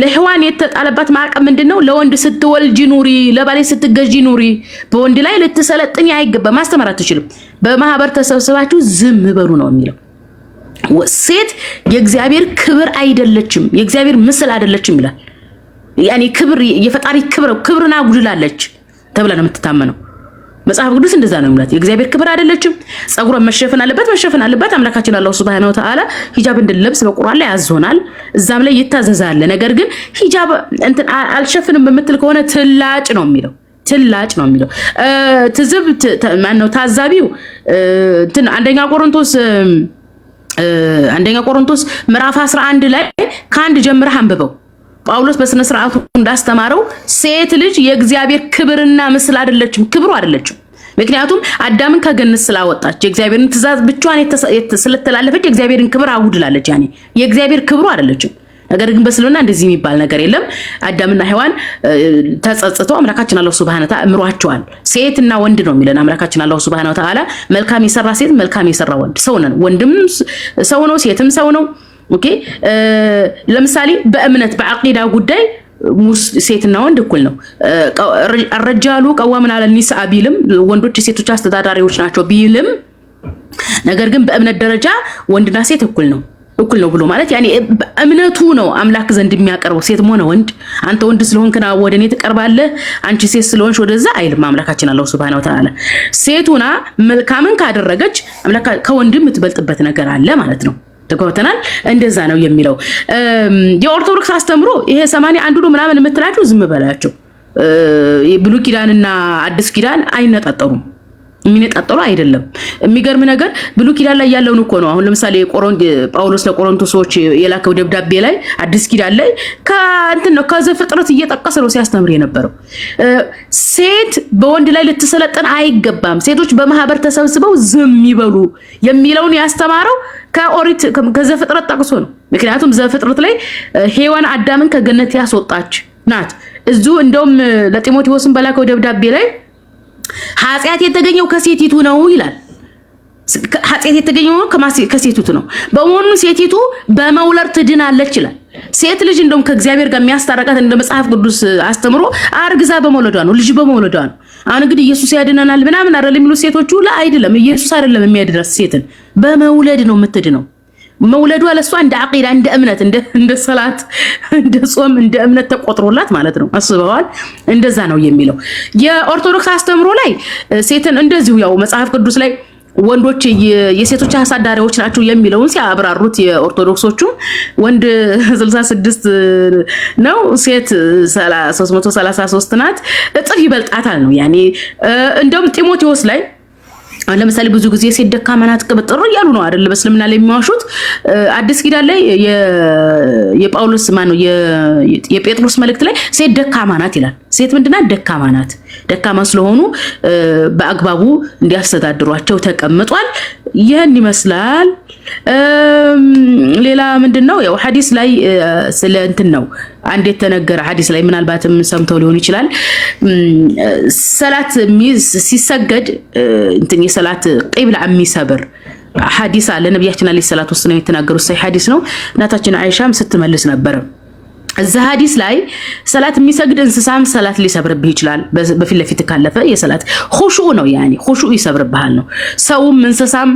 ለህዋን የተጣለባት ማዕቀብ ምንድን ነው? ለወንድ ስትወልጂ ኑሪ፣ ለባሌ ስትገዥ ኑሪ፣ በወንድ ላይ ልትሰለጥኝ አይገባ፣ ማስተማር አትችልም፣ በማህበር ተሰብስባችሁ ዝም በሉ ነው የሚለው። ሴት የእግዚአብሔር ክብር አይደለችም፣ የእግዚአብሔር ምስል አይደለችም ይላል። ያኔ ክብር የፈጣሪ ክብር ክብርን አጉድላለች ተብላ ነው የምትታመነው። መጽሐፍ ቅዱስ እንደዛ ነው የሚላት። የእግዚአብሔር ክብር አይደለችም። ጸጉሯን መሸፈን አለበት፣ መሸፈን አለበት። አምላካችን አላሁ ሱብሃነሁ ወተዓላ ሂጃብ እንድንለብስ በቁርአን ላይ አዞናል፣ እዛም ላይ ይታዘዛል። ነገር ግን ሂጃብ እንትን አልሸፍንም በምትል ከሆነ ትላጭ ነው የሚለው ትላጭ ነው የሚለው ትዝብ ማነው ታዛቢው አንደኛ ቆሮንቶስ አንደኛ ቆሮንቶስ ምዕራፍ 11 ላይ ከአንድ ጀምረህ አንብበው ጳውሎስ በስነ ስርዓቱ እንዳስተማረው ሴት ልጅ የእግዚአብሔር ክብርና ምስል አይደለችም፣ ክብሩ አይደለችም። ምክንያቱም አዳምን ከገነት ስላወጣች የእግዚአብሔርን ትእዛዝ ብቻዋን ስለተላለፈች የእግዚአብሔርን ክብር አውድላለች። ያኔ የእግዚአብሔር ክብሩ አይደለችም። ነገር ግን በስልምና እንደዚህ የሚባል ነገር የለም። አዳምና ሔዋን ተጸጽተው አምላካችን አላሁ ስብሃነ ወተዓላ እምሯቸዋል። ሴትና ወንድ ነው የሚለን አምላካችን አላሁ ስብሃነ ወተዓላ። መልካም የሰራ ሴት፣ መልካም የሰራ ወንድ። ሰው ነን። ወንድም ሰው ነው፣ ሴትም ሰው ነው። ኦኬ። ለምሳሌ በእምነት በአቂዳ ጉዳይ ሴትና ወንድ እኩል ነው። ረጃሉ ቀዋሙን አለ ኒሳ ቢልም ወንዶች የሴቶች አስተዳዳሪዎች ናቸው ቢልም፣ ነገር ግን በእምነት ደረጃ ወንድና ሴት እኩል ነው እኩል ነው ብሎ ማለት ያኔ እምነቱ ነው አምላክ ዘንድ የሚያቀርበው ሴት ሆነ ወንድ። አንተ ወንድ ስለሆን ና ወደ እኔ ትቀርባለህ፣ አንቺ ሴት ስለሆንሽ ወደዛ አይልም አምላካችን አላሁ ስብሃነ ወተዓላ። ሴቱና መልካምን ካደረገች ከወንድ የምትበልጥበት ነገር አለ ማለት ነው። ተጓተናል እንደዛ ነው የሚለው የኦርቶዶክስ አስተምሮ። ይሄ ሰማንያ አንዱ ምናምን የምትላቸው ዝም በላቸው። ብሉይ ኪዳንና አዲስ ኪዳን አይነጣጠሩም። የሚነጣጠሉ አይደለም። የሚገርም ነገር ብሉይ ኪዳን ላይ ያለውን እኮ ነው። አሁን ለምሳሌ ጳውሎስ ለቆሮንቶሶች የላከው ደብዳቤ ላይ አዲስ ኪዳን ላይ ከእንትን ነው ከዘፍጥረት እየጠቀሰ ነው ሲያስተምር የነበረው። ሴት በወንድ ላይ ልትሰለጠን አይገባም፣ ሴቶች በማህበር ተሰብስበው ዝም ይበሉ የሚለውን ያስተማረው ከኦሪት ከዘፍጥረት ጠቅሶ ነው። ምክንያቱም ዘፍጥረት ላይ ሔዋን አዳምን ከገነት ያስወጣች ናት። እዙ እንደውም ለጢሞቴዎስን በላከው ደብዳቤ ላይ ኃጢአት የተገኘው ከሴቲቱ ነው ይላል። ኃጢአት የተገኘው ከሴቲቱ ነው። በመሆኑ ሴቲቱ በመውለድ ትድናለች ይላል። ሴት ልጅ እንደውም ከእግዚአብሔር ጋር የሚያስታረቃት እንደ መጽሐፍ ቅዱስ አስተምሮ አርግዛ በመውለዷ ነው፣ ልጅ በመውለዷ ነው። አሁን እንግዲህ ኢየሱስ ያድነናል ምናምን አይደለም የሚሉት ሴቶቹ። አይደለም፣ ኢየሱስ አይደለም የሚያድናት ሴትን፣ በመውለድ ነው የምትድነው። መውለዷ ለእሷ እንደ አቂዳ እንደ እምነት እንደ ሰላት እንደ ጾም እንደ እምነት ተቆጥሮላት ማለት ነው። አስበዋል። እንደዛ ነው የሚለው የኦርቶዶክስ አስተምሮ ላይ ሴትን እንደዚሁ ያው መጽሐፍ ቅዱስ ላይ ወንዶች የሴቶች አሳዳሪዎች ናቸው የሚለውን ሲያብራሩት የኦርቶዶክሶቹ ወንድ 66 ነው፣ ሴት 333 ናት፣ እጥፍ ይበልጣታል ነው ያኔ እንደውም ጢሞቴዎስ ላይ ለምሳሌ ብዙ ጊዜ ሴት ደካማ ናት ቅብጥር እያሉ ነው አይደል? በእስልምና ላይ የሚዋሹት። አዲስ ኪዳን ላይ የጳውሎስ ነው የጴጥሮስ መልእክት ላይ ሴት ደካማ ናት ይላል። ሴት ምንድናት? ደካማ ናት። ደካማ ስለሆኑ በአግባቡ እንዲያስተዳድሯቸው ተቀምጧል። ይህን ይመስላል። ሌላ ምንድን ነው ያው ሐዲስ ላይ ስለ እንትን ነው አንድ የተነገረ ሀዲስ ላይ ምናልባትም ሰምተው ሊሆን ይችላል። ሰላት ሚዝ ሲሰገድ እንትን የሰላት ቂብላ የሚሰብር ሀዲስ አለ። ነቢያችን አለ ሰላት ውስጥ ነው የተናገሩት ሳይ ሀዲስ ነው። እናታችን አይሻም ስትመልስ ነበረ። እዚ ሀዲስ ላይ ሰላት የሚሰግድ እንስሳም ሰላት ሊሰብርብህ ይችላል። በፊት ለፊት ካለፈ የሰላት ኹሹኡ ነው ያ ኹሹኡ ይሰብርብሃል ነው። ሰውም እንስሳም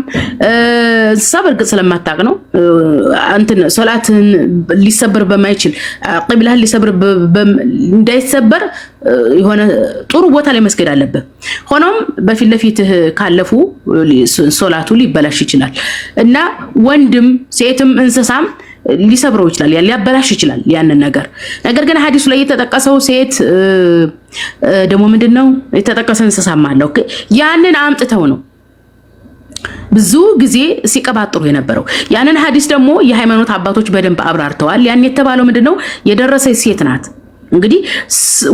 እንስሳ በእርግጥ ስለማታቅ ነው እንትን ሊሰብር በማይችል ቂብላህን ሊሰብር እንዳይሰበር የሆነ ጥሩ ቦታ ላይ መስገድ አለብህ። ሆኖም በፊት ለፊትህ ካለፉ ሶላቱ ሊበላሽ ይችላል እና ወንድም ሴትም እንስሳም ሊሰብረው ይችላል፣ ሊያበላሽ ይችላል ያንን ነገር። ነገር ግን ሀዲሱ ላይ የተጠቀሰው ሴት ደግሞ ምንድን ነው የተጠቀሰ እንስሳም አለው። ያንን አምጥተው ነው ብዙ ጊዜ ሲቀባጥሩ የነበረው። ያንን ሀዲስ ደግሞ የሃይማኖት አባቶች በደንብ አብራርተዋል። ያን የተባለው ምንድን ነው የደረሰች ሴት ናት። እንግዲህ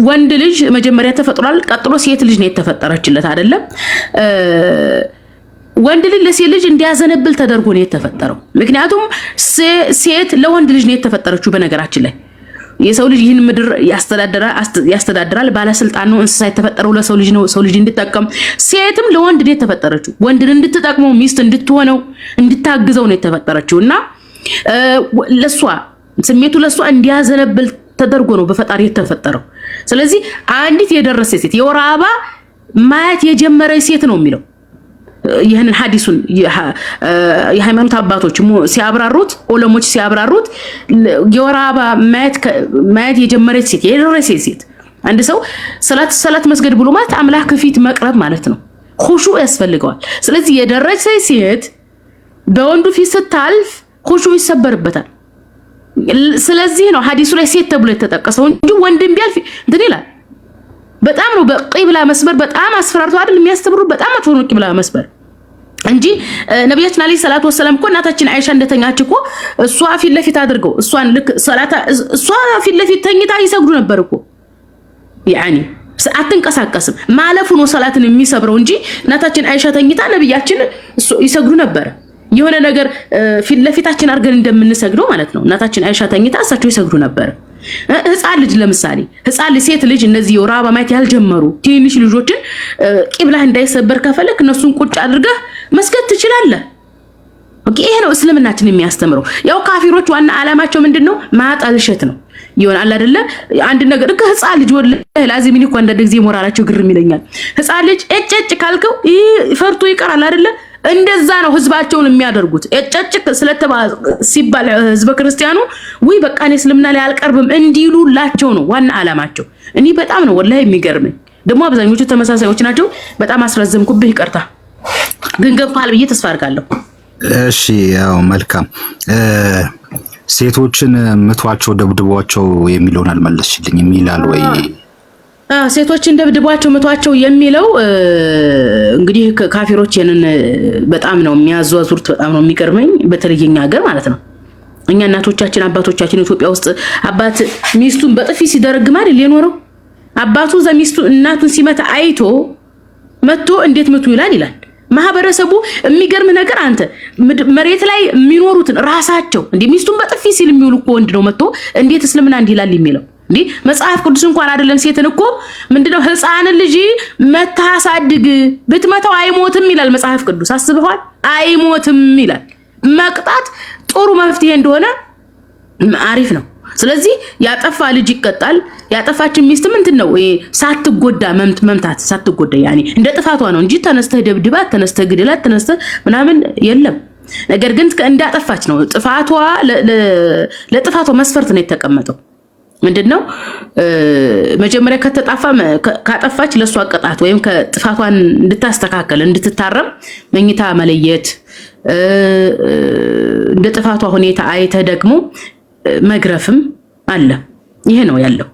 ወንድ ልጅ መጀመሪያ ተፈጥሯል፣ ቀጥሎ ሴት ልጅ ነው የተፈጠረችለት አይደለም ወንድ ልጅ ለሴት ልጅ እንዲያዘነብል ተደርጎ ነው የተፈጠረው። ምክንያቱም ሴት ለወንድ ልጅ ነው የተፈጠረችው። በነገራችን ላይ የሰው ልጅ ይህን ምድር ያስተዳድራል፣ ባለስልጣን ነው። እንስሳ የተፈጠረው ለሰው ልጅ ነው፣ ሰው ልጅ እንድጠቀም። ሴትም ለወንድ ነው የተፈጠረችው፣ ወንድን እንድትጠቅመው፣ ሚስት እንድትሆነው፣ እንድታግዘው ነው የተፈጠረችው እና ለሷ ስሜቱ ለሷ እንዲያዘነብል ተደርጎ ነው በፈጣሪ የተፈጠረው። ስለዚህ አንዲት የደረሰ ሴት የወር አበባ ማየት የጀመረ ሴት ነው የሚለው ይህንን ሀዲሱን የሃይማኖት አባቶች ሲያብራሩት ኦለሞች ሲያብራሩት የወር አበባ ማየት የጀመረች ሴት የደረሰ ሴት አንድ ሰው ሰላት ሰላት መስገድ ብሎ ማለት አምላክ ፊት መቅረብ ማለት ነው። ሁሹ ያስፈልገዋል። ስለዚህ የደረሰ ሴት በወንዱ ፊት ስታልፍ ሁሹ ይሰበርበታል። ስለዚህ ነው ሀዲሱ ላይ ሴት ተብሎ የተጠቀሰው እንጂ ወንድም ቢያልፍ እንትን ይላል። በጣም ነው በቂብላ መስበር በጣም አስፈራርቶ አይደል የሚያስተምሩ በጣም አትሆኑ ቂብላ መስበር እንጂ ነቢያችን አለይሂ ሰላቱ ወሰለም እኮ እናታችን አይሻ እንደተኛች እኮ እሷ ፊት ለፊት አድርገው እሷን ልክ ሰላታ እሷ ፊት ለፊት ተኝታ ይሰግዱ ነበር እኮ ያኒ አትንቀሳቀስም ማለፉ ነው ሰላትን የሚሰብረው እንጂ እናታችን አይሻ ተኝታ ነቢያችን ይሰግዱ ነበር። የሆነ ነገር ፊት ለፊታችን አድርገን እንደምንሰግደው ማለት ነው። እናታችን አይሻ ተኝታ እሳቸው ይሰግዱ ነበር። ህፃን ልጅ ለምሳሌ ህፃን ልጅ ሴት ልጅ እነዚህ የወር አበባ ማየት ያልጀመሩ ትንንሽ ልጆችን ቂብላህ እንዳይሰበር ከፈለክ እነሱን ቁጭ አድርገህ መስገድ ትችላለህ። ይሄ ነው እስልምናችን የሚያስተምረው። ያው ካፊሮች ዋና አላማቸው ምንድን ነው? ማጠልሸት ነው ይሆናል አይደለ? አንድ ነገር እኮ ህፃን ልጅ ወላሂ ላዚም እኮ አንዳንድ ጊዜ ሞራላቸው ግርም ይለኛል። ህፃን ልጅ እጭ እጭ ካልከው ፈርቶ ይቀራል አይደለ? እንደዛ ነው ህዝባቸውን የሚያደርጉት። ጨጭቅ ስለተባ ሲባል ህዝበ ክርስቲያኑ ወይ በቃ እኔ እስልምና ላይ አልቀርብም እንዲሉላቸው ነው ዋና አላማቸው እኔ በጣም ነው ወላሂ የሚገርመኝ። ደግሞ አብዛኞቹ ተመሳሳዮች ናቸው። በጣም አስረዘምኩብህ፣ ይቅርታ ግን ገብቶሃል ብዬ ተስፋ አድርጋለሁ። እሺ ያው መልካም። ሴቶችን ምቷቸው፣ ደብድቧቸው የሚለውን አልመለስሽልኝም ይላል ወይ ሴቶችን ደብድቧቸው ምቷቸው የሚለው እንግዲህ ካፊሮች ንን በጣም ነው የሚያዟዙርት። በጣም ነው የሚገርመኝ፣ በተለይ እኛ ሀገር ማለት ነው። እኛ እናቶቻችን አባቶቻችን ኢትዮጵያ ውስጥ አባት ሚስቱን በጥፊ ሲደረግም አይደል የኖረው። አባቱ እዛ ሚስቱ እናቱን ሲመታ አይቶ መጥቶ እንዴት ምቱ ይላል ይላል ማህበረሰቡ። የሚገርም ነገር አንተ መሬት ላይ የሚኖሩትን ራሳቸው እንደ ሚስቱን በጥፊ ሲል የሚውሉ እኮ ወንድ ነው መጥቶ እንዴት እስልምና እንዲህ ይላል የሚለው እንዴ መጽሐፍ ቅዱስ እንኳን አይደለም። ሴትን እኮ ምንድነው ህፃንን ልጅ መታሳድግ ብትመታው አይሞትም ይላል መጽሐፍ ቅዱስ። አስበዋል? አይሞትም ይላል። መቅጣት ጥሩ መፍትሄ እንደሆነ አሪፍ ነው። ስለዚህ ያጠፋ ልጅ ይቀጣል። ያጠፋችን ሚስት ምንድን ነው ሳትጎዳ መምታት፣ ሳትጎዳ ያኔ እንደ ጥፋቷ ነው እንጂ ተነስተህ ደብድባት፣ ተነስተህ ግድላት፣ ተነስተህ ምናምን የለም። ነገር ግን እንዳጠፋች ነው ጥፋቷ፣ ለጥፋቷ መስፈርት ነው የተቀመጠው። ምንድን ነው መጀመሪያ ከተጣፋ ካጠፋች ለእሷ ቅጣት ወይም ከጥፋቷን እንድታስተካከል እንድትታረም መኝታ መለየት እንደ ጥፋቷ ሁኔታ አይተህ ደግሞ መግረፍም አለ። ይሄ ነው ያለው።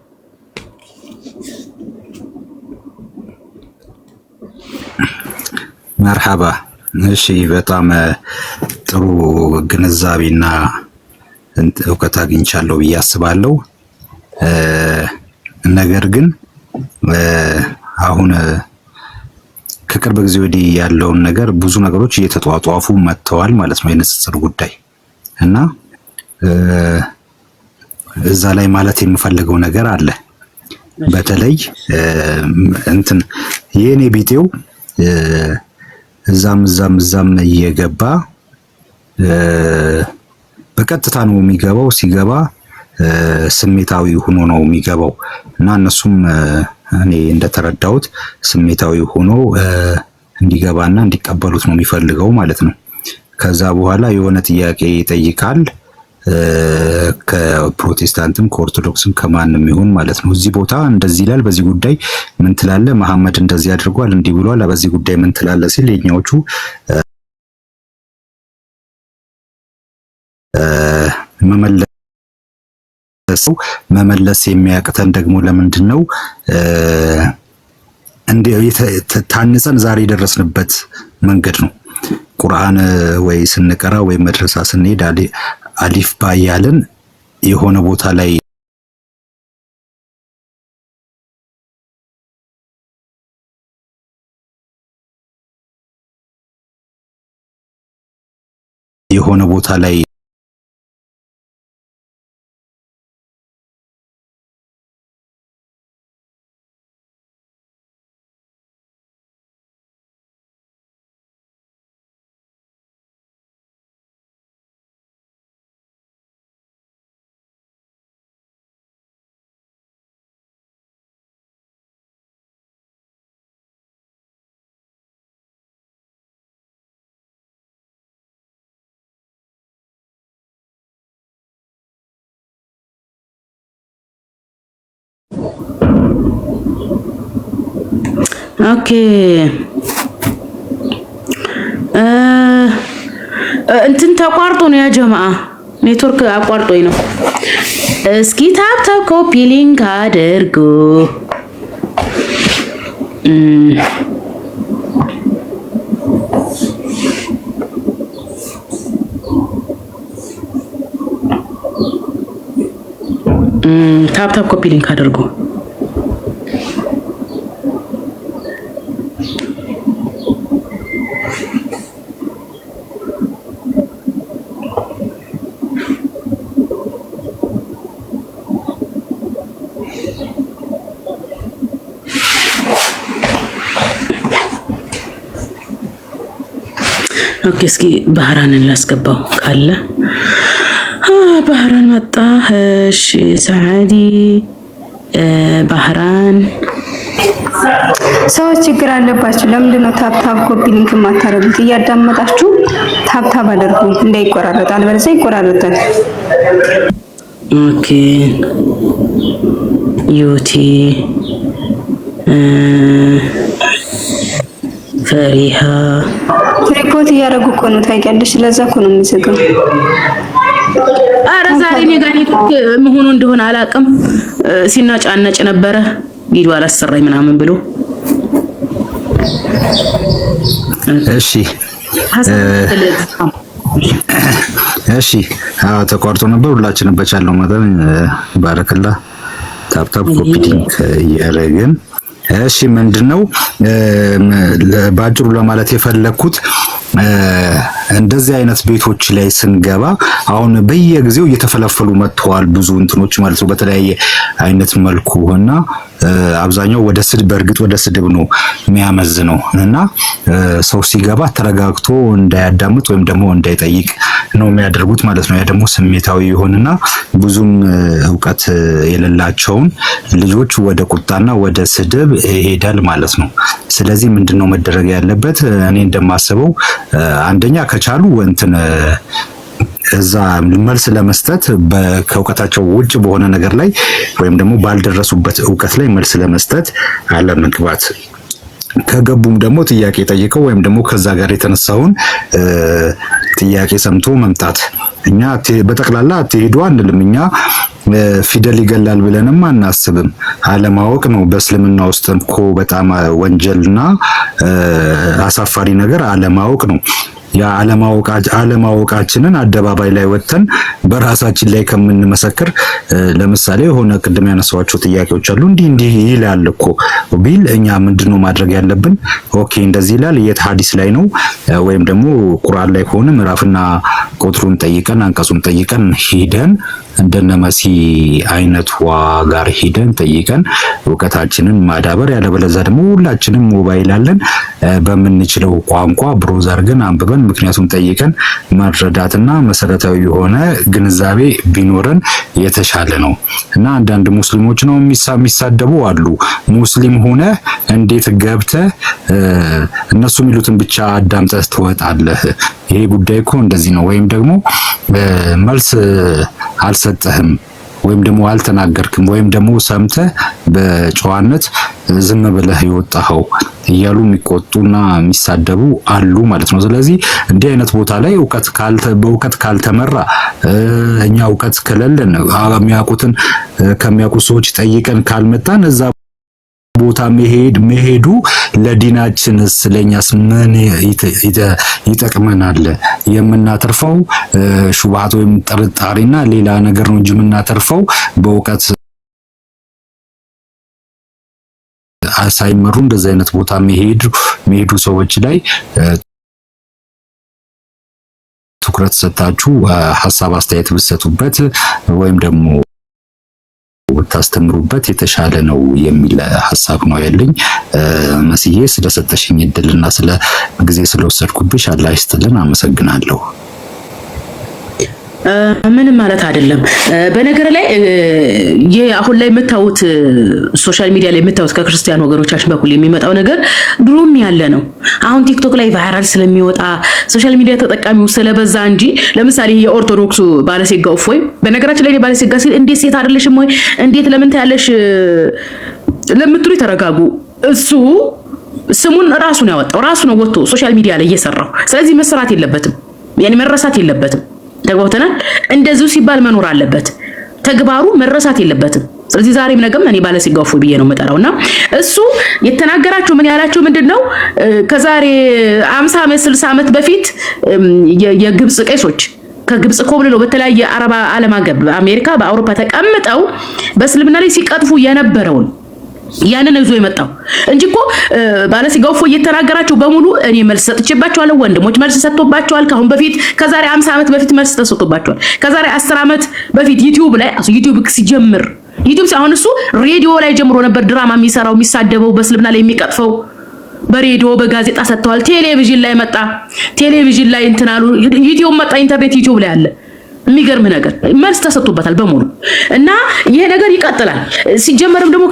መርሃባ እሺ፣ በጣም ጥሩ ግንዛቤና እውቀት አግኝቻለሁ ብዬ አስባለሁ። ነገር ግን አሁን ከቅርብ ጊዜ ወዲህ ያለውን ነገር ብዙ ነገሮች እየተጧጧፉ መጥተዋል ማለት ነው። የንጽጽር ጉዳይ እና እዛ ላይ ማለት የምፈልገው ነገር አለ። በተለይ እንትን የኔ ቢጤው እዛም እዛም እዛም እየገባ በቀጥታ ነው የሚገባው። ሲገባ ስሜታዊ ሆኖ ነው የሚገባው እና እነሱም እኔ እንደተረዳሁት ስሜታዊ ሆኖ እንዲገባና እንዲቀበሉት ነው የሚፈልገው ማለት ነው። ከዛ በኋላ የሆነ ጥያቄ ይጠይቃል። ከፕሮቴስታንትም ከኦርቶዶክስም ከማንም ይሁን ማለት ነው። እዚህ ቦታ እንደዚህ ይላል፣ በዚህ ጉዳይ ምን ትላለ? መሐመድ እንደዚህ አድርጓል፣ እንዲህ ብሏል፣ በዚህ ጉዳይ ምን ትላለ? ሲል የኛዎቹ መመለስ የምንመልሰው። መመለስ የሚያቅተን ደግሞ ለምንድን ነው? ታንጸን ዛሬ የደረስንበት መንገድ ነው። ቁርአን ወይ ስንቀራ ወይ መድረሳ ስንሄድ አሊፍ ባያልን የሆነ ቦታ ላይ የሆነ ቦታ ላይ ኦኬ እንትን ተቋርጦ ነው ያጀማአ ኔትወርክ አቋርጦኝ ነው። እስኪ ታብታብ ኮፒ ሊንክ አድርጉ። ታብታብ ኮፒ ሊንክ አድርጉ። እስኪ ባህራንን ላስገባው ካለ ባህራን መጣ። እሺ ሰዓዲ ባህራን ሰዎች ችግር አለባችሁ። ለምንድን ነው ታብታብ ኮፒ ሊንክ እያዳመጣችሁ ታብታብ አደርጉ እንዳይቆራረጥ፣ አለበለዚያ ይቆራረጣል። ኦኬ ዩቲ ፈሪሃ ሪፖርት እያደረጉ እኮ ነው ታውቂያለሽ። ለዛ እኮ ነው የሚዘጋው። አረ ዛሬ ኔጋቲቭ መሆኑ እንደሆነ አላውቅም። ሲናጫነጭ ነበረ ቪዲዮ አላሰራኝ ምናምን ብሎ እሺ እሺ አዎ፣ ተቋርጦ ነበር። ሁላችንም በቻለው መጠን ባረከላ ታፕታፕ ኮፒ ሊንክ እያደረግን እሺ ምንድነው በአጭሩ ለማለት የፈለግኩት እንደዚህ አይነት ቤቶች ላይ ስንገባ አሁን በየጊዜው እየተፈለፈሉ መጥተዋል ብዙ እንትኖች ማለት ነው በተለያየ አይነት መልኩ እና አብዛኛው ወደ ስድብ በእርግጥ ወደ ስድብ ነው የሚያመዝ ነው እና ሰው ሲገባ ተረጋግቶ እንዳያዳምጥ ወይም ደግሞ እንዳይጠይቅ ነው የሚያደርጉት ማለት ነው። ያ ደግሞ ስሜታዊ ይሆንና ብዙም እውቀት የሌላቸውን ልጆች ወደ ቁጣና ወደ ስድብ ይሄዳል ማለት ነው። ስለዚህ ምንድን ነው መደረግ ያለበት እኔ እንደማስበው አንደኛ ከቻሉ እንትን እዛ መልስ ለመስጠት ከእውቀታቸው ውጭ በሆነ ነገር ላይ ወይም ደግሞ ባልደረሱበት እውቀት ላይ መልስ ለመስጠት አለመግባት ከገቡም ደግሞ ጥያቄ ጠይቀው ወይም ደግሞ ከዛ ጋር የተነሳውን ጥያቄ ሰምቶ መምጣት። እኛ በጠቅላላ አትሄዱ አንልም። እኛ ፊደል ይገላል ብለንም አናስብም። አለማወቅ ነው። በእስልምና ውስጥ እኮ በጣም ወንጀልና አሳፋሪ ነገር አለማወቅ ነው። የአለማወቃችንን አደባባይ ላይ ወጥተን በራሳችን ላይ ከምንመሰክር፣ ለምሳሌ የሆነ ቅድም ያነሳቸው ጥያቄዎች አሉ። እንዲህ እንዲህ ይላል እኮ ቢል እኛ ምንድነው ማድረግ ያለብን? ኦኬ እንደዚህ ይላል፣ የት ሀዲስ ላይ ነው? ወይም ደግሞ ቁርአን ላይ ከሆነ ምዕራፍና ቁጥሩን ጠይቀን አንቀጹን ጠይቀን ሂደን እንደነ መሲ አይነት ጋር ሂደን ጠይቀን እውቀታችንን ማዳበር። ያለበለዛ ደግሞ ሁላችንም ሞባይል አለን። በምንችለው ቋንቋ ብሮዘር ግን አንብበን ምክንያቱም ጠይቀን መረዳትና መሰረታዊ የሆነ ግንዛቤ ቢኖረን የተሻለ ነው እና አንዳንድ ሙስሊሞች ነው የሚሳደቡ አሉ። ሙስሊም ሆነ እንዴት ገብተ እነሱ የሚሉትን ብቻ አዳምጠህ ትወጣለህ? ይሄ ጉዳይ እኮ እንደዚህ ነው፣ ወይም ደግሞ መልስ አልሰጠህም ወይም ደግሞ አልተናገርክም ወይም ደግሞ ሰምተህ በጨዋነት ዝም ብለህ የወጣኸው እያሉ የሚቆጡና የሚሳደቡ አሉ ማለት ነው። ስለዚህ እንዲህ አይነት ቦታ ላይ እውቀት ካልተ በእውቀት ካልተመራ እኛ እውቀት ከሌለን የሚያውቁትን ከሚያውቁት ሰዎች ጠይቀን ካልመጣን እዛ ቦታ መሄድ መሄዱ ለዲናችንስ ለእኛስ ምን ይጠቅመናል? የምናተርፈው ሹብሃት ወይም ጥርጣሬና ሌላ ነገር ነው እንጂ የምናተርፈው በእውቀት ሳይመሩ እንደዚህ አይነት ቦታ መሄድ መሄዱ ሰዎች ላይ ትኩረት ሰጣችሁ ሀሳብ አስተያየት ብትሰጡበት ወይም ደግሞ ታስተምሩበት የተሻለ ነው የሚል ሀሳብ ነው ያለኝ። መስዬ ስለሰጠሽኝ እድልና ስለ ጊዜ ስለወሰድኩብሽ አላህ ይስጥልን። አመሰግናለሁ። ምንም ማለት አይደለም። በነገር ላይ ይህ አሁን ላይ የምታዩት ሶሻል ሚዲያ ላይ የምታዩት ከክርስቲያን ወገኖቻችን በኩል የሚመጣው ነገር ድሮም ያለ ነው። አሁን ቲክቶክ ላይ ቫይራል ስለሚወጣ ሶሻል ሚዲያ ተጠቃሚው ስለበዛ እንጂ ለምሳሌ የኦርቶዶክሱ ባለሴጋ እፎይ፣ በነገራችን ላይ ባለሴጋ ሲል እንዴት ሴት አይደለሽም ወይ እንዴት ለምን ታያለሽ ለምትሉ ተረጋጉ። እሱ ስሙን ራሱ ነው ያወጣው ራሱ ነው ወጥቶ ሶሻል ሚዲያ ላይ እየሰራው። ስለዚህ መሰራት የለበትም ያኔ መረሳት የለበትም። ተግባብተናል። እንደዚሁ ሲባል መኖር አለበት። ተግባሩ መረሳት የለበትም። ስለዚህ ዛሬም ነገም እኔ ባለስጋ ሲጋፉ ብዬ ነው የምጠራው እና እሱ የተናገራቸው ምን ያላቸው ምንድን ነው ከዛሬ አምሳ ዓመት ስልሳ ዓመት በፊት የግብፅ ቄሶች ከግብፅ ኮብልለው በተለያየ አረብ ዓለም አገብ አሜሪካ፣ በአውሮፓ ተቀምጠው በእስልምና ላይ ሲቀጥፉ የነበረውን ያንን ይዞ የመጣው እንጂ እኮ ባለሲጋው እፎ እየተናገራቸው በሙሉ እኔ መልስ ሰጥቼባቸዋለሁ። ወንድሞች መልስ ሰጥቶባቸዋል። ከአሁን በፊት ከዛሬ 50 ዓመት በፊት መልስ ተሰጥቶባቸዋል። ከዛሬ 10 ዓመት በፊት ዩቲዩብ ላይ አሱ ዩቲዩብ ሲጀምር ዩቲዩብ አሁን እሱ ሬዲዮ ላይ ጀምሮ ነበር ድራማ የሚሰራው የሚሳደበው፣ በእስልምና ላይ የሚቀጥፈው በሬዲዮ በጋዜጣ ሰጥተዋል። ቴሌቪዥን ላይ መጣ። ቴሌቪዥን ላይ እንትናሉ አሉ። ዩቲዩብ መጣ። ኢንተርኔት ዩቲዩብ ላይ አለ። የሚገርም ነገር መልስ ተሰጥቶበታል በሙሉ እና ይሄ ነገር ይቀጥላል። ሲጀመርም ደግሞ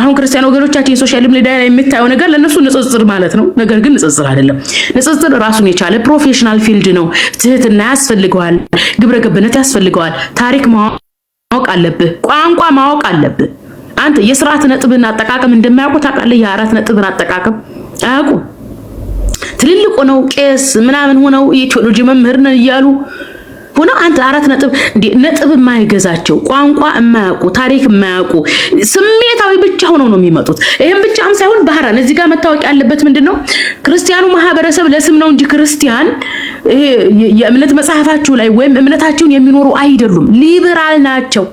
አሁን ክርስቲያን ወገኖቻችን ሶሻል ሚዲያ ላይ የምታየው ነገር ለእነሱ ንጽጽር ማለት ነው። ነገር ግን ንጽጽር አይደለም። ንጽጽር ራሱን የቻለ ፕሮፌሽናል ፊልድ ነው። ትህትና ያስፈልገዋል፣ ግብረ ገብነት ያስፈልገዋል። ታሪክ ማወቅ አለብህ፣ ቋንቋ ማወቅ አለብህ። አንተ የስርዓት ነጥብን አጠቃቀም እንደማያውቁ ታውቃለህ። የአራት ነጥብን አጠቃቀም አያውቁ ትልልቁ ነው ቄስ ምናምን ሆነው የቴዎሎጂ መምህር እያሉ ሆነው አንተ አራት ነጥብ ነጥብ የማይገዛቸው ቋንቋ የማያውቁ ታሪክ የማያውቁ ስሜታዊ ብቻ ሆነው ነው የሚመጡት። ይህም ብቻም ሳይሆን ባህራን እዚህ ጋር መታወቂያ ያለበት ምንድን ነው፣ ክርስቲያኑ ማህበረሰብ ለስም ነው እንጂ ክርስቲያን የእምነት መጽሐፋችሁ ላይ ወይም እምነታችሁን የሚኖሩ አይደሉም። ሊበራል ናቸው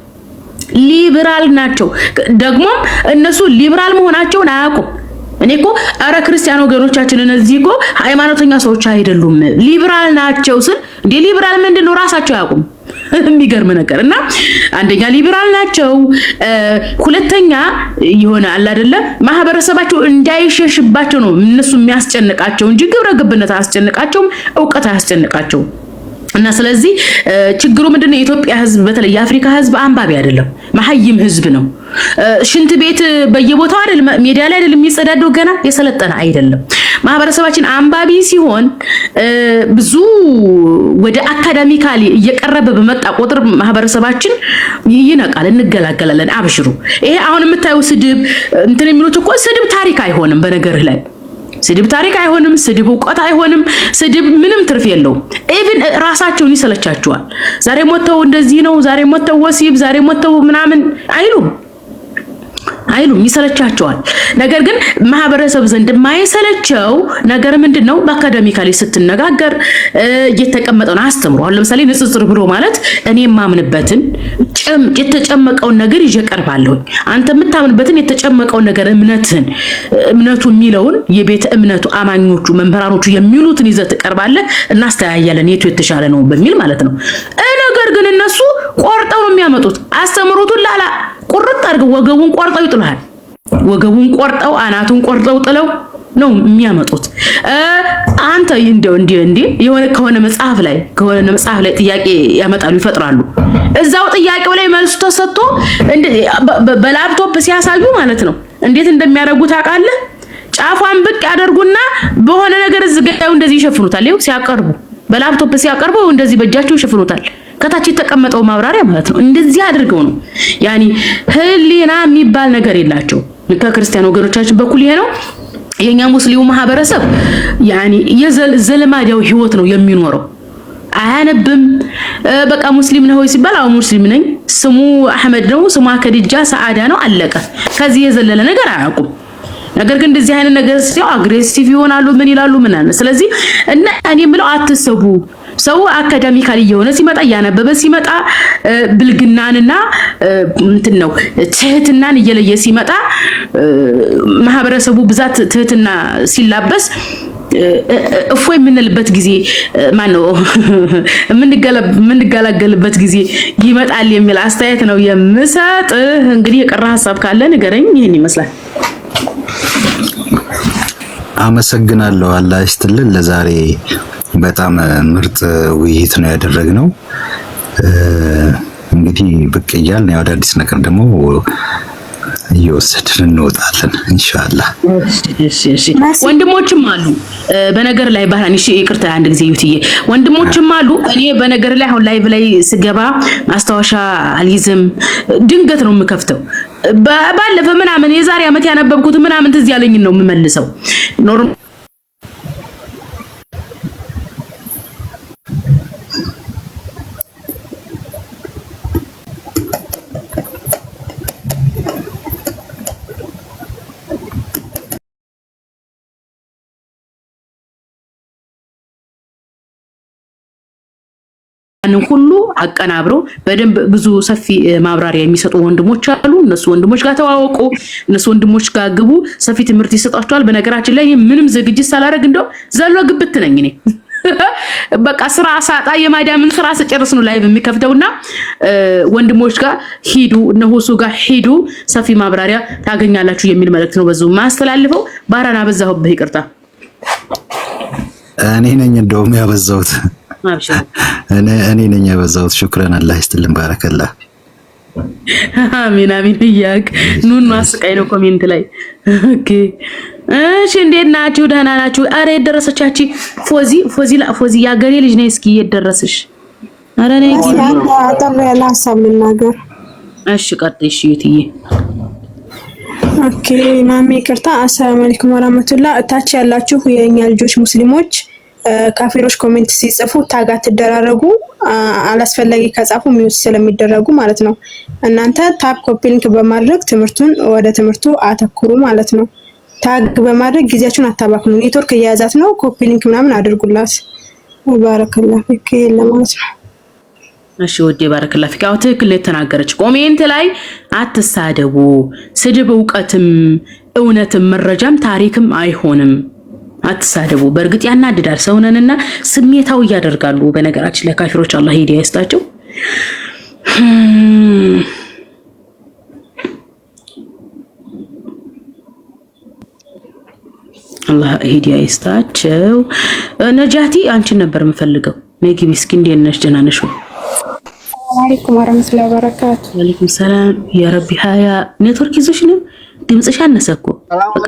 ሊበራል ናቸው። ደግሞም እነሱ ሊበራል መሆናቸውን አያውቁም። እኔ እኮ አረ ክርስቲያን ወገኖቻችን እነዚህ እኮ ሃይማኖተኛ ሰዎች አይደሉም፣ ሊብራል ናቸው ስል እንዴ ሊብራል ምንድን ነው ራሳቸው አያውቁም። የሚገርም ነገር እና አንደኛ ሊብራል ናቸው፣ ሁለተኛ የሆነ አለ አይደለም ማህበረሰባቸው እንዳይሸሽባቸው ነው እነሱ የሚያስጨንቃቸው እንጂ ግብረ ግብነት አያስጨንቃቸውም፣ እውቀት አያስጨንቃቸውም። እና ስለዚህ ችግሩ ምንድነው? የኢትዮጵያ ህዝብ በተለይ የአፍሪካ ህዝብ አንባቢ አይደለም፣ መሀይም ህዝብ ነው። ሽንት ቤት በየቦታው አይደል ሜዲያ ላይ አይደል የሚጸዳደው፣ ገና የሰለጠነ አይደለም። ማህበረሰባችን አንባቢ ሲሆን ብዙ ወደ አካዳሚካሊ እየቀረበ በመጣ ቁጥር ማህበረሰባችን ይነቃል፣ እንገላገላለን። አብሽሩ። ይሄ አሁን የምታየው ስድብ እንትን የሚሉት እኮ ስድብ ታሪክ አይሆንም በነገርህ ላይ ስድብ ታሪክ አይሆንም። ስድብ እውቀት አይሆንም። ስድብ ምንም ትርፍ የለውም። ኢቭን ራሳቸውን ይሰለቻቸዋል። ዛሬ ሞተው እንደዚህ ነው፣ ዛሬ ሞተው ወሲብ፣ ዛሬ ሞተው ምናምን አይሉም። አይሉም ይሰለቻቸዋል። ነገር ግን ማህበረሰብ ዘንድ የማይሰለቸው ነገር ምንድን ነው? በአካደሚካሊ ስትነጋገር እየተቀመጠውን አስተምሯል። ለምሳሌ ንጽጽር ብሎ ማለት እኔ የማምንበትን የተጨመቀውን ነገር ይዤ እቀርባለሁ። አንተ የምታምንበትን የተጨመቀውን ነገር እምነትን እምነቱ የሚለውን የቤተ እምነቱ አማኞቹ መምህራኖቹ የሚሉትን ይዘህ ትቀርባለህ። እናስተያያለን የቱ የተሻለ ነው በሚል ማለት ነው። ነገር ግን እነሱ ቆርጠው ነው የሚያመጡት አስተምሮቱን ላላ ቁርጥ አድርገው ወገቡን ቆርጠው ይጥሉሃል። ወገቡን ቆርጠው አናቱን ቆርጠው ጥለው ነው የሚያመጡት። አንተ እንደው እንዲ እንዲ የሆነ ከሆነ መጽሐፍ ላይ ከሆነ መጽሐፍ ላይ ጥያቄ ያመጣሉ ይፈጥራሉ። እዛው ጥያቄው ላይ መልሱ ተሰጥቶ በላፕቶፕ ሲያሳዩ ማለት ነው እንዴት እንደሚያደርጉት ታውቃለህ? ጫፏን ብቅ ያደርጉና በሆነ ነገር እዚህ እንደዚህ ይሸፍኑታል። ይኸው ሲያቀርቡ በላፕቶፕ ሲያቀርቡ እንደዚህ በእጃቸው ይሸፍኑታል። ከታች የተቀመጠው ማብራሪያ ማለት ነው። እንደዚህ አድርገው ነው ያኒ ህሊና የሚባል ነገር የላቸው ከክርስቲያን ወገኖቻችን በኩል ይሄ ነው። የኛ ሙስሊሙ ማህበረሰብ ያኒ የዘለማዳዊ ህይወት ነው የሚኖረው። አያነብም። በቃ ሙስሊም ነህ ወይ ሲባል አዎ ሙስሊም ነኝ፣ ስሙ አህመድ ነው፣ ስሙ ከድጃ ሰዓዳ ነው፣ አለቀ። ከዚህ የዘለለ ነገር አያውቁም። ነገር ግን እንደዚህ አይነት ነገር ሲያው አግሬሲቭ ይሆናሉ። ምን ይላሉ? ምን አለ። ስለዚህ እና እኔ የምለው አትሰቡ ሰው አካዳሚካል እየሆነ ሲመጣ እያነበበ ሲመጣ ብልግናንና እንትን ነው ትህትናን እየለየ ሲመጣ ማህበረሰቡ ብዛት ትህትና ሲላበስ እፎ የምንልበት ጊዜ ማነው የምንገላገልበት ጊዜ ይመጣል የሚል አስተያየት ነው የምሰጥ። እንግዲህ የቀረ ሀሳብ ካለ ንገረኝ። ይህን ይመስላል። አመሰግናለሁ። አላህ ይስጥልን ለዛሬ በጣም ምርጥ ውይይት ነው ያደረግነው። እንግዲህ ብቅ እያልን ወደ አዲስ ነገር ደግሞ እየወሰድን እንወጣለን። እንሻላ ወንድሞችም አሉ በነገር ላይ እሺ፣ ይቅርታ፣ አንድ ጊዜ ዩትዬ ወንድሞችም አሉ። እኔ በነገር ላይ አሁን ላይቭ ላይ ስገባ ማስታወሻ አልይዝም፣ ድንገት ነው የምከፍተው። ባለፈ ምናምን የዛሬ ዓመት ያነበብኩት ምናምን ትዝ ያለኝን ነው የምመልሰው። ይህንን ሁሉ አቀናብረው በደንብ ብዙ ሰፊ ማብራሪያ የሚሰጡ ወንድሞች አሉ። እነሱ ወንድሞች ጋር ተዋወቁ፣ እነሱ ወንድሞች ጋር ግቡ፣ ሰፊ ትምህርት ይሰጧቸዋል። በነገራችን ላይ ምንም ዝግጅት ሳላደርግ እንደው ዘሎ ግብት ነኝ እኔ በቃ ስራ ሳጣ የማዳምን ስራ ስጨርስ ነው ላይ የሚከፍተውና ወንድሞች ጋር ሂዱ፣ እነ ጋር ሂዱ፣ ሰፊ ማብራሪያ ታገኛላችሁ የሚል መልእክት ነው በዙ ማስተላልፈው። ባራና በዛሁብህ ይቅርታ፣ እኔ ነኝ እንደውም ያበዛሁት። እኔ ነኝ ያበዛሁት። ሹክረን አላህ ይስጥልን። ባረከላ አሚን አሚን እያልክ ኑን ማስቃይ ነው ኮሜንት ላይ ኦኬ። እሺ እንዴት ናችሁ? ደህና ናችሁ? አረ የደረሰቻች ፎዚ ፎዚ ፎዚ ያገሬ ልጅ ነኝ። እስኪ የደረሰሽ አረ ነኝ አጠር ያለ ሀሳብ ልናገር። እሺ ቀጥይ ዩትዬ ኦኬ ማሜ ይቅርታ። አሰላሙ አለይኩም ወራህመቱላህ። እታች ያላችሁ የእኛ ልጆች ሙስሊሞች ካፌሮች ኮሜንት ሲጽፉ ታግ አትደራረጉ፣ አላስፈላጊ ከጻፉ ሚውት ስለሚደረጉ ማለት ነው። እናንተ ታፕ ኮፒ በማድረግ ትምህርቱን ወደ ትምህርቱ አተኩሩ ማለት ነው። ታግ በማድረግ ጊዜያችሁን አታባክኑ። ኔትወርክ እየያዛት ነው። ኮፒሊንክ ምናምን አድርጉላት። ባረከላ ፊክ ለማለት ነው። እሺ ወዴ ባረከላ ፊክ። አዎ ትክክል የተናገረች ኮሜንት ላይ አትሳደቡ። ስድብ እውቀትም እውነትም መረጃም ታሪክም አይሆንም። አትሳደቡ። በእርግጥ ያናድዳል። ሰውነንና ስሜታው እያደርጋሉ። በነገራችን ለካፊሮች አላህ ሂዳያ ይስጣቸው። አላህ ሂዳያ ይስጣቸው። ነጃቲ አንቺን ነበር የምፈልገው። ነጊ እስኪ እንዴት ነሽ? ደህና ነሽ ሰላም አለይኩም ወራህመቱላሂ ወበረካቱ። ወአለይኩም ሰላም ያ ሀያ ኔትወርክ ይዞሽ ነው። ድምጽሽ አነሰ እኮ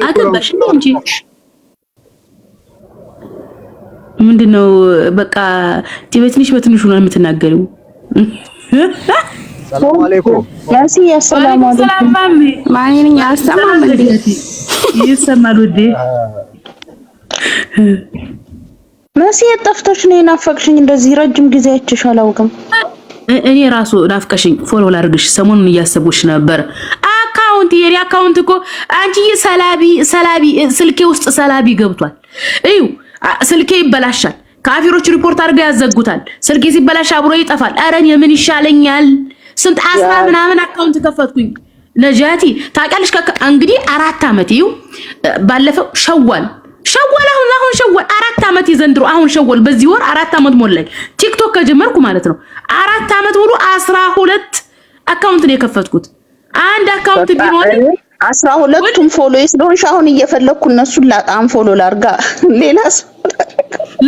አገባሽ እንጂ ምንድነው በቃ በትንሽ በትንሹ ነው የምትናገሪው። ሰላም አለይኩም ይሰማል ውዴ መሲ የጠፍቶሽ ነው የናፈቅሽኝ እንደዚህ ረጅም ጊዜ አይቼሽ አላውቅም እኔ ራሱ ናፍቀሽኝ ፎሎ ላድርግሽ ሰሞኑን እያሰብኩሽ ነበር አካውንት የኔ አካውንት እኮ አንቺ ሰላቢ ሰላቢ ስልኬ ውስጥ ሰላቢ ገብቷል እዩ ስልኬ ይበላሻል። ካፊሮች ሪፖርት አድርገው ያዘጉታል። ስልኬ ሲበላሽ አብሮ ይጠፋል። አረን የምን ይሻለኛል? ስንት አስራ ምናምን አካውንት ከፈትኩኝ። ነጃቲ ታውቂያለሽ፣ እንግዲህ አራት ዓመት ይው ባለፈው ሸዋል ሸዋል አሁን አሁን ሸዋል አራት ዓመት የዘንድሮ አሁን ሸዋል በዚህ ወር አራት ዓመት ሞላኝ፣ ቲክቶክ ከጀመርኩ ማለት ነው። አራት ዓመት ሙሉ አስራ ሁለት አካውንት ነው የከፈትኩት። አንድ አካውንት ቢኖር? አስራ ሁለቱም ፎሎ ስለሆንሽ አሁን እየፈለግኩ እነሱን ላጣም ፎሎ ላርጋ ሌላ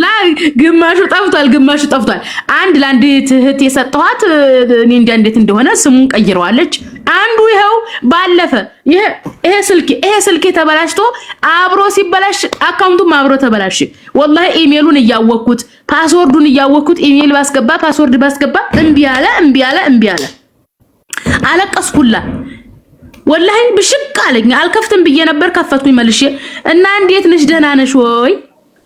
ላይ ግማሹ ጠፍቷል፣ ግማሹ ጠፍቷል። አንድ ለአንድ እህት የሰጠኋት እኔ እንጃ እንዴት እንደሆነ ስሙን ቀይረዋለች። አንዱ ይኸው ባለፈ ይሄ ስልኬ ይሄ ስልኬ ተበላሽቶ አብሮ ሲበላሽ አካውንቱም አብሮ ተበላሽ። ወላሂ ኢሜሉን እያወቅኩት ፓስወርዱን እያወቅኩት ኢሜል ባስገባ ፓስወርድ ባስገባ እምቢ አለ፣ እምቢ አለ፣ እምቢ አለ። አለቀስኩላ ወላሂ ብሽቅ አለኝ። አልከፍትም ብዬ ነበር ከፈትኩኝ መልሼ። እና እንዴት ነሽ? ደህና ነሽ ወይ?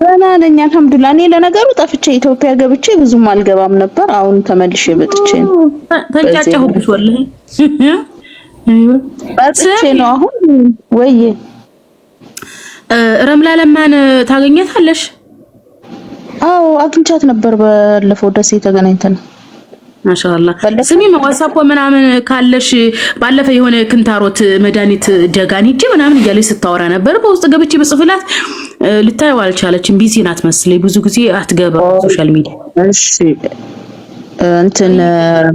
ደህና ነኝ አልሐምዱሊላህ። እኔ ለነገሩ ጠፍቼ ኢትዮጵያ ገብቼ ብዙም አልገባም ነበር። አሁን ተመልሼ መጥቼ ነው ተንጫጫሁብሽ። ወላሂ መጥቼ ነው አሁን። ወይ ረምላ ለማን ታገኘታለሽ? አዎ አግኝቻት ነበር። ባለፈው ደሴ ተገናኝተናል። ማሻአላ ስሚ ዋትሳፕ ምናምን ካለሽ ባለፈ የሆነ ክንታሮት መድኃኒት ደጋን ሂጅ ምናምን እያለች ስታወራ ነበር። በውስጥ ገብቼ በጽፍላት ልታየው አልቻለችም። ቢዚ ናት መስለኝ፣ ብዙ ጊዜ አትገባ ሶሻል ሚዲያ። እሺ እንትን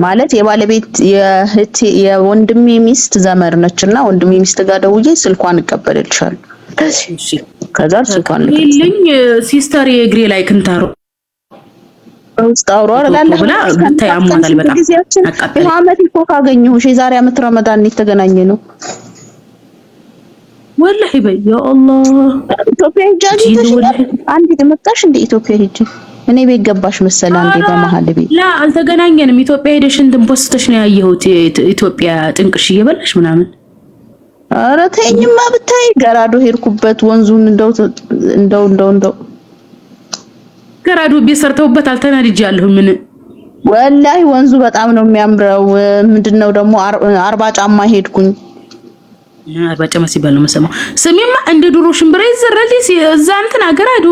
ማለት የባለቤት የህቴ የወንድሜ ሚስት ዘመር ነች እና ወንድሜ ሚስት ጋር ደውዬ ስልኳን እቀበልልሻለሁ። ከዛ ስልኳን ልኝ ሲስተር የእግሬ ላይ ክንታሮት በውስጥ አውሮ አላለህ ብላ ብታይ አሟታል። በጣም ይሄ አመት እኮ ካገኘሁሽ የዛሬ አመት ረመዳን የተገናኘ ነው። ወላሂ በይ ያ አላህ ኢትዮጵያ ሂጅ አንዴ መጣሽ እንደ ኢትዮጵያ ሂጅ እኔ ቤት ገባሽ መሰለ አንዴ በመሀል ቤት ላ አልተገናኘንም። ኢትዮጵያ ሄደሽ እንትን ፖስተሽ ነው ያየሁት። ኢትዮጵያ ጥንቅሽ እየበላሽ ምናምን ኧረ ተይኝማ ብታይ ገራዶ ሄድኩበት ወንዙን እንደው እንደው እንደው እንደው ገራዶ ቤት ሰርተውበት አልተናድጅ ያለሁ ምን ወላሂ ወንዙ በጣም ነው የሚያምረው። ምንድነው ደግሞ አርባ ጫማ ሄድኩኝ። አርባ ጫማ ሲባል ነው መሰማው ስሚማ እንደ ዶሮ ሽምብራ ይዘራል እዛ እንትን ገራዶ